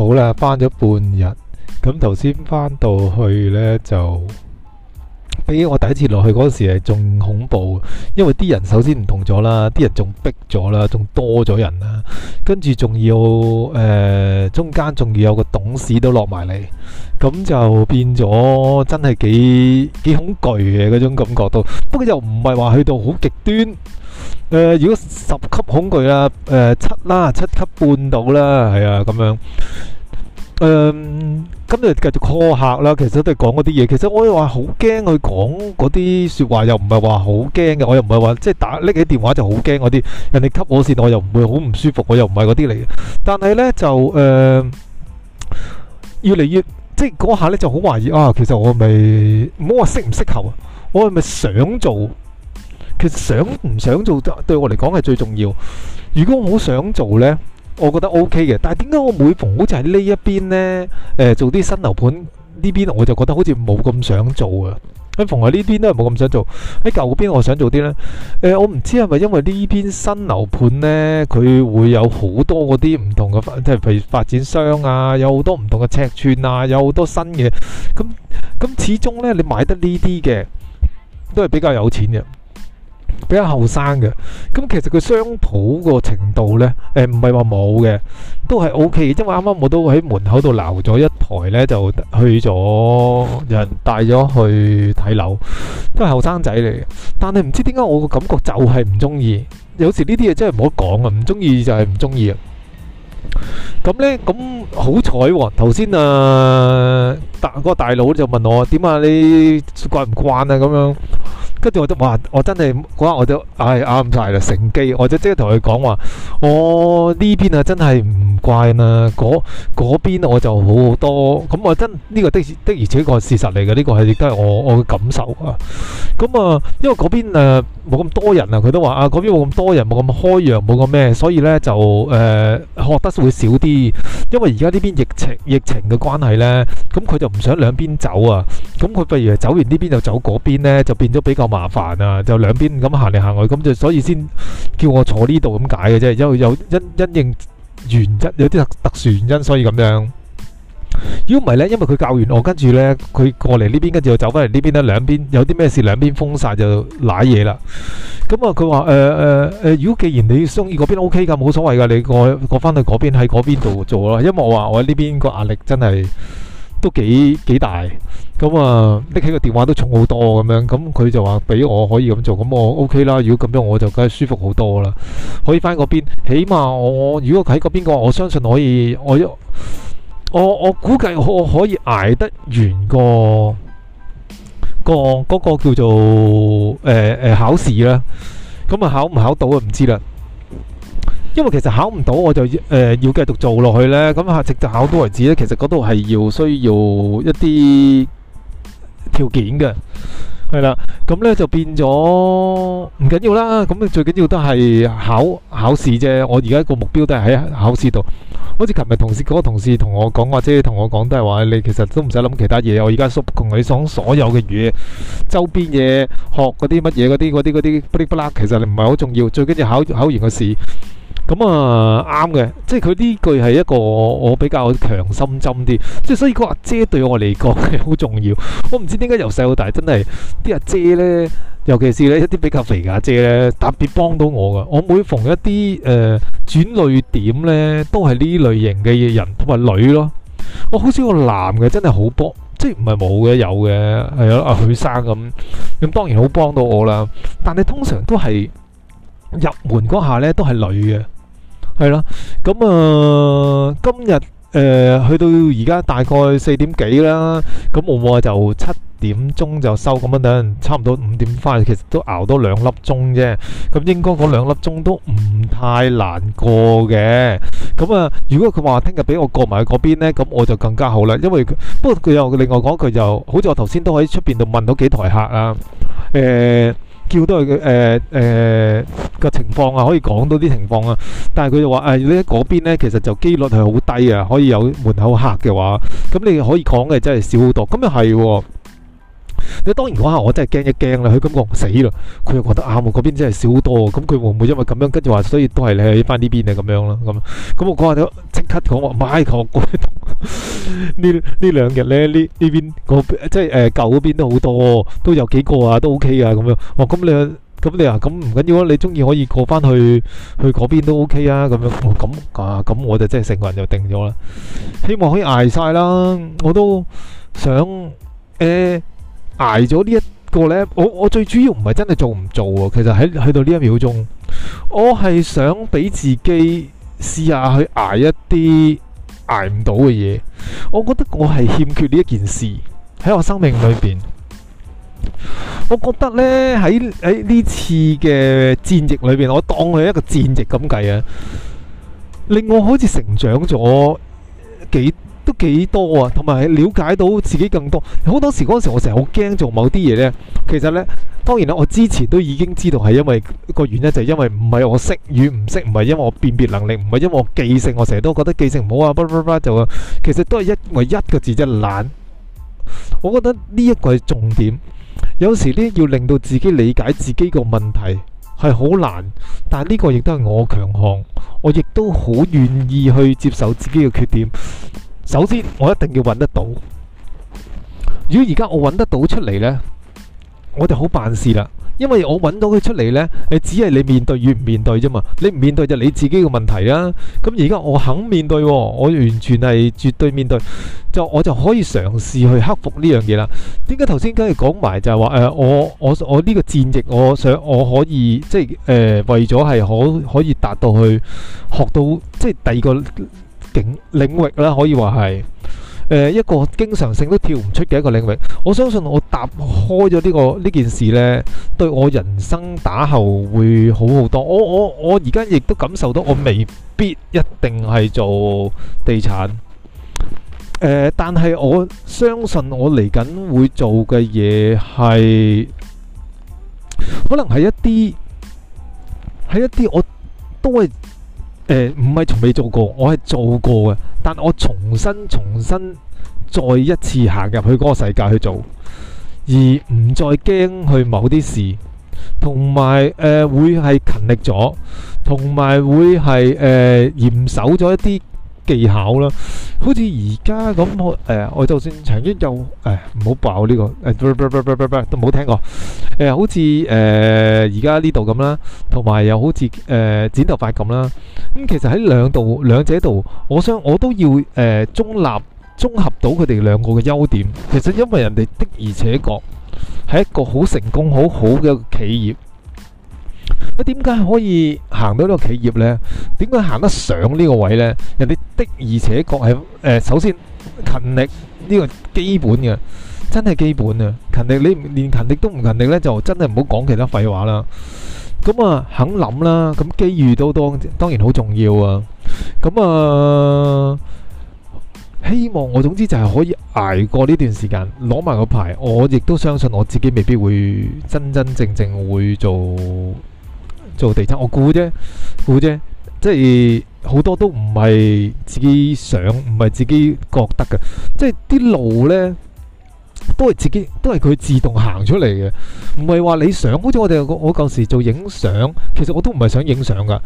好啦，翻咗半日，咁頭先翻到去咧就，比我第一次落去嗰時係仲恐怖，因為啲人首先唔同咗啦，啲人仲逼咗啦，仲多咗人啦。跟住仲要誒、呃，中間仲要有個董事都落埋嚟，咁就變咗真係幾幾恐懼嘅嗰種感覺到。不過又唔係話去到好極端，誒、呃，如果十級恐懼啦，誒、呃，七啦，七級半到啦，係啊，咁樣。誒，今日繼續 call 客啦。其實都係講嗰啲嘢。其實我又話好驚佢講嗰啲說話，又唔係話好驚嘅。我又唔係話即係打拎起電話就好驚嗰啲人哋給我線，我又唔會好唔舒服，我又唔係嗰啲嚟嘅。但係呢，就誒、呃，越嚟越即係嗰下呢就好懷疑啊。其實我咪唔好話適唔適合啊，我係咪想做？其實想唔想做對我嚟講係最重要。如果我好想做呢。我覺得 OK 嘅，但係點解我每逢好似喺呢一邊呢，誒、呃、做啲新樓盤呢邊，邊我就覺得好似冇咁想做啊。每、欸、逢喺呢邊都係冇咁想做，喺、欸、舊嗰邊我想做啲呢。誒、呃，我唔知係咪因為呢邊新樓盤呢，佢會有好多嗰啲唔同嘅，即係譬如發展商啊，有好多唔同嘅尺寸啊，有好多新嘅。咁咁始終呢，你買得呢啲嘅，都係比較有錢嘅。比較後生嘅，咁其實佢商討個程度呢，誒，唔係話冇嘅，都係 O K 嘅，即係啱啱我都喺門口度留咗一台呢，就去咗，有人帶咗去睇樓，都係後生仔嚟嘅。但係唔知點解我個感覺就係唔中意，有時呢啲嘢真係唔好講啊，唔中意就係唔中意啊，咁呢，咁好彩喎，頭先誒大個大佬就問我點啊，你慣唔慣啊咁樣。跟住我都話，我真係嗰日我就唉啱晒啦，乘機我就即刻同佢講話，我呢邊啊真係唔慣啦，嗰嗰邊我就好好多。咁我真呢個的的而且確係事實嚟嘅，呢個係亦都係我我嘅感受啊。咁啊，因為嗰邊啊冇咁多人啊，佢都話啊嗰邊冇咁多人，冇咁開揚，冇咁咩，所以咧就誒學得會少啲。因為而家呢邊疫情疫情嘅關係咧，咁佢就唔想兩邊走啊，咁佢不如走完呢邊就走嗰邊咧，就變咗比較。麻煩啊，就兩邊咁行嚟行去，咁就所以先叫我坐呢度咁解嘅啫，因為有因因應原因，有啲特特殊原因，所以咁樣。如果唔係呢，因為佢教完我，跟住呢，佢過嚟呢邊，跟住又走翻嚟呢邊呢，兩邊有啲咩事，兩邊封晒就瀨嘢啦。咁、嗯、啊，佢話誒誒，如果既然你中意嗰邊，O K 噶，冇、OK、所謂噶，你過過翻去嗰邊喺嗰邊度做咯。因為我話我喺呢邊個壓力真係。都幾幾大咁啊！拎起個電話都重好多咁樣咁，佢就話俾我可以咁做，咁我 OK 啦。如果咁樣，我就梗係舒服好多啦。可以翻嗰邊，起碼我，我如果喺嗰邊個，我相信可以我我我估計我可以捱得完個個嗰個叫做誒誒考試啦。咁啊，考唔考到啊，唔知啦。因為其實考唔到，我就誒、呃、要繼續做落去呢。咁啊，直至考到為止咧。其實嗰度係要需要一啲條件嘅係啦。咁呢、嗯嗯、就變咗唔緊要啦。咁啊，最緊要都係考考試啫。我而家個目標都係喺考試度。好似琴日同事嗰個同事同我講，或者同我講都係話，你其實都唔使諗其他嘢。我而家縮窮你講所有嘅嘢，周邊嘢學嗰啲乜嘢，嗰啲嗰啲嗰啲不嚟，不啦，其實你唔係好重要。最緊要考考完個試。咁啊，啱嘅，嗯，即係佢呢句係一個我，我比較強心針啲，即係所以個阿姐對我嚟講係好重要。我唔知點解由細到大真係啲阿姐呢，尤其是呢一啲比較肥嘅阿姐呢，特別幫到我噶。我每逢一啲誒、呃、轉類點呢，都係呢類型嘅人，同埋女咯。我好少個男嘅，真係好幫，即係唔係冇嘅，有嘅係啊，阿許生咁，咁當然好幫到我啦。但係通常都係入門嗰下呢，都係女嘅。係啦，咁啊，今日誒去到而家大概四點幾啦，咁我話就七點鐘就收咁樣，差唔多五點翻去，其實都熬多兩粒鐘啫。咁應該嗰兩粒鐘都唔太難過嘅。咁啊，如果佢話聽日俾我過埋去嗰邊呢，咁我就更加好啦。因為不過佢又另外講句，就好似我頭先都喺出邊度問到幾台客啊，誒。叫到佢誒誒個情況啊，可以講到啲情況啊，但係佢就話誒你喺嗰邊呢，其實就機率係好低啊，可以有門口客嘅話，咁你可以講嘅真係少好多，咁又係喎。你當然講話，我真係驚一驚啦。佢感覺死啦，佢又覺得啊，我嗰邊真係少好多。咁佢會唔會因為咁樣跟住話，所以都係你去翻呢邊啊？咁樣啦，咁咁我講話咗即刻講話，唔係同嗰啲呢呢兩日咧呢呢邊嗰即係誒舊嗰邊都好多，都有幾個啊，都 OK 啊，咁樣哦。咁你咁你啊咁唔緊要啊，你中意可以過翻去去嗰邊都 OK 啊，咁樣哦咁啊咁我就真係成個人就定咗啦。希望可以捱晒啦，我都想誒。捱咗呢一個呢，我我最主要唔係真係做唔做啊！其實喺去到呢一秒鐘，我係想俾自己試下去捱一啲捱唔到嘅嘢。我覺得我係欠缺呢一件事喺我生命裏邊。我覺得呢喺喺呢次嘅戰役裏邊，我當佢係一個戰役咁計啊，令我好似成長咗幾。都幾多啊，同埋了解到自己更多。好多時嗰陣時，我成日好驚做某啲嘢呢。其實呢，當然啦，我之前都已經知道係因為個原因，就係因為唔係我識與唔識，唔係因為我辨別能力，唔係因為我記性，我成日都覺得記性唔好啊。Blah blah blah, 就啊，其實都係一為一個字，己、就係、懶。我覺得呢一個係重點。有時呢要令到自己理解自己個問題係好難，但係呢個亦都係我強項。我亦都好願意去接受自己嘅缺點。首先，我一定要揾得到。如果而家我揾得到出嚟呢，我就好辦事啦。因為我揾到佢出嚟呢，你只係你面對與唔面對啫嘛。你唔面對就你自己嘅問題啦。咁而家我肯面對，哦，我完全係絕對面對，就我就可以嘗試去克服呢樣嘢啦。點解頭先梗係講埋就係話誒，我我我呢個戰役，我想我可以即係誒、呃、為咗係可可以達到去學到即係第二個。境領域啦，可以話係誒，一個經常性都跳唔出嘅一個領域。我相信我踏開咗呢個呢件事咧，對我人生打後會好好多。我我我而家亦都感受到我未必一定係做地產，誒，但係我相信我嚟緊會做嘅嘢係可能係一啲係一啲我都係。誒，唔係從未做過，我係做過嘅，但我重新、重新再一次行入去嗰個世界去做，而唔再驚去某啲事，同埋誒會係勤力咗，同埋會係誒嚴守咗一啲。技巧啦，好似而家咁，我、呃、誒，我就算曾經又誒，唔好爆呢、這個誒、呃，都唔好聽過。誒、呃，好似誒而家呢度咁啦，同、呃、埋又好似誒、呃、剪頭髮咁啦。咁、嗯、其實喺兩度兩者度，我想我都要誒、呃、中立綜合到佢哋兩個嘅優點。其實因為人哋的而且確係一個好成功好好嘅企業，佢點解可以？行到呢個企業呢，點解行得上呢個位呢？人哋的而且確係誒，首先勤力呢個基本嘅，真係基本嘅，勤力你連勤力都唔勤力呢，就真係唔好講其他廢話啦。咁啊，肯諗啦，咁機遇都當當然好重要啊。咁啊，希望我總之就係可以捱過呢段時間，攞埋個牌。我亦都相信我自己未必會真真正正會做，做地產，我估啫，估啫，即係好多都唔係自己想，唔係自己覺得嘅，即係啲路呢都係自己，都係佢自動行出嚟嘅，唔係話你想。好似我哋我舊時做影相，其實我都唔係想影相噶。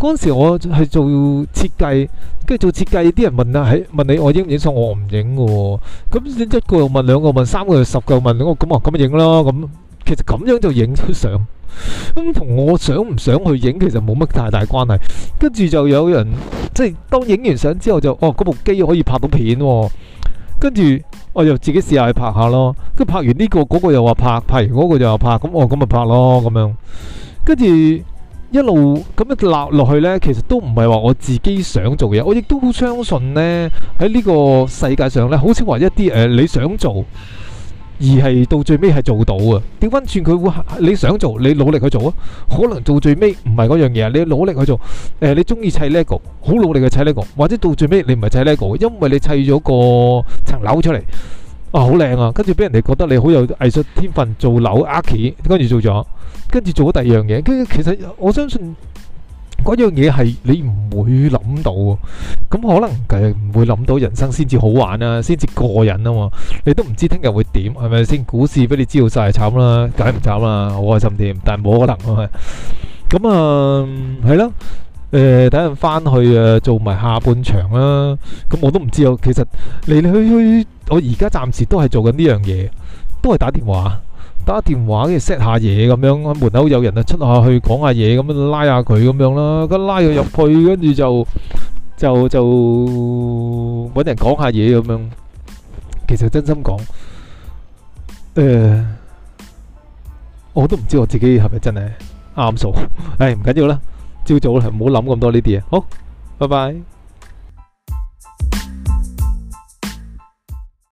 嗰陣時我係做設計，跟住做設計啲人問啊，喺問你我影唔影相？我唔影嘅喎。咁一個問兩個問三個十個問我，咁我咁影咯。咁其實咁樣就影出相。咁同我想唔想去影其實冇乜太大關係，跟住就有人即係、就是、當影完相之後就哦嗰部機可以拍到片，哦，跟住我又自己試下去拍下咯。跟拍完呢，這個嗰、嗰個又話拍，拍完嗰個又話拍，咁我咁咪拍咯咁樣。跟住一路咁樣落落去呢，其實都唔係話我自己想做嘢，我亦都好相信呢，喺呢個世界上呢，好似話一啲誒、呃、你想做。而係到最尾係做到啊！點解轉佢會，你想做你努力去做啊！可能到最尾唔係嗰樣嘢你努力去做，誒、呃、你中意砌 Lego，好努力去砌 Lego，或者到最尾你唔係砌 Lego，因為你砌咗個層樓出嚟，啊好靚啊！跟住俾人哋覺得你好有藝術天分做樓 Arky，跟住做咗，跟住做咗第二樣嘢。跟住其實我相信嗰樣嘢係你唔會諗到。咁可能誒唔會諗到人生先至好玩啊，先至過癮啊嘛！你都唔知聽日會點，係咪先？股市俾你知道曬係慘啦，解唔慘啦，好開心添。但係冇可能啊！咁啊，係咯，誒，等陣翻去誒做埋下半場啦。咁我都唔知啊。其實嚟嚟去去，我而家暫時都係做緊呢樣嘢，都係打電話，打電話跟住 set 下嘢咁樣。門口有人啊，出下去講下嘢咁樣，拉下佢咁樣啦，跟住拉佢入去，跟住就。就就搵人講下嘢咁樣，其實真心講，誒，我都唔知我自己係咪真係啱數，唉唔緊要啦，朝早啦，唔好諗咁多呢啲嘢，好，拜拜。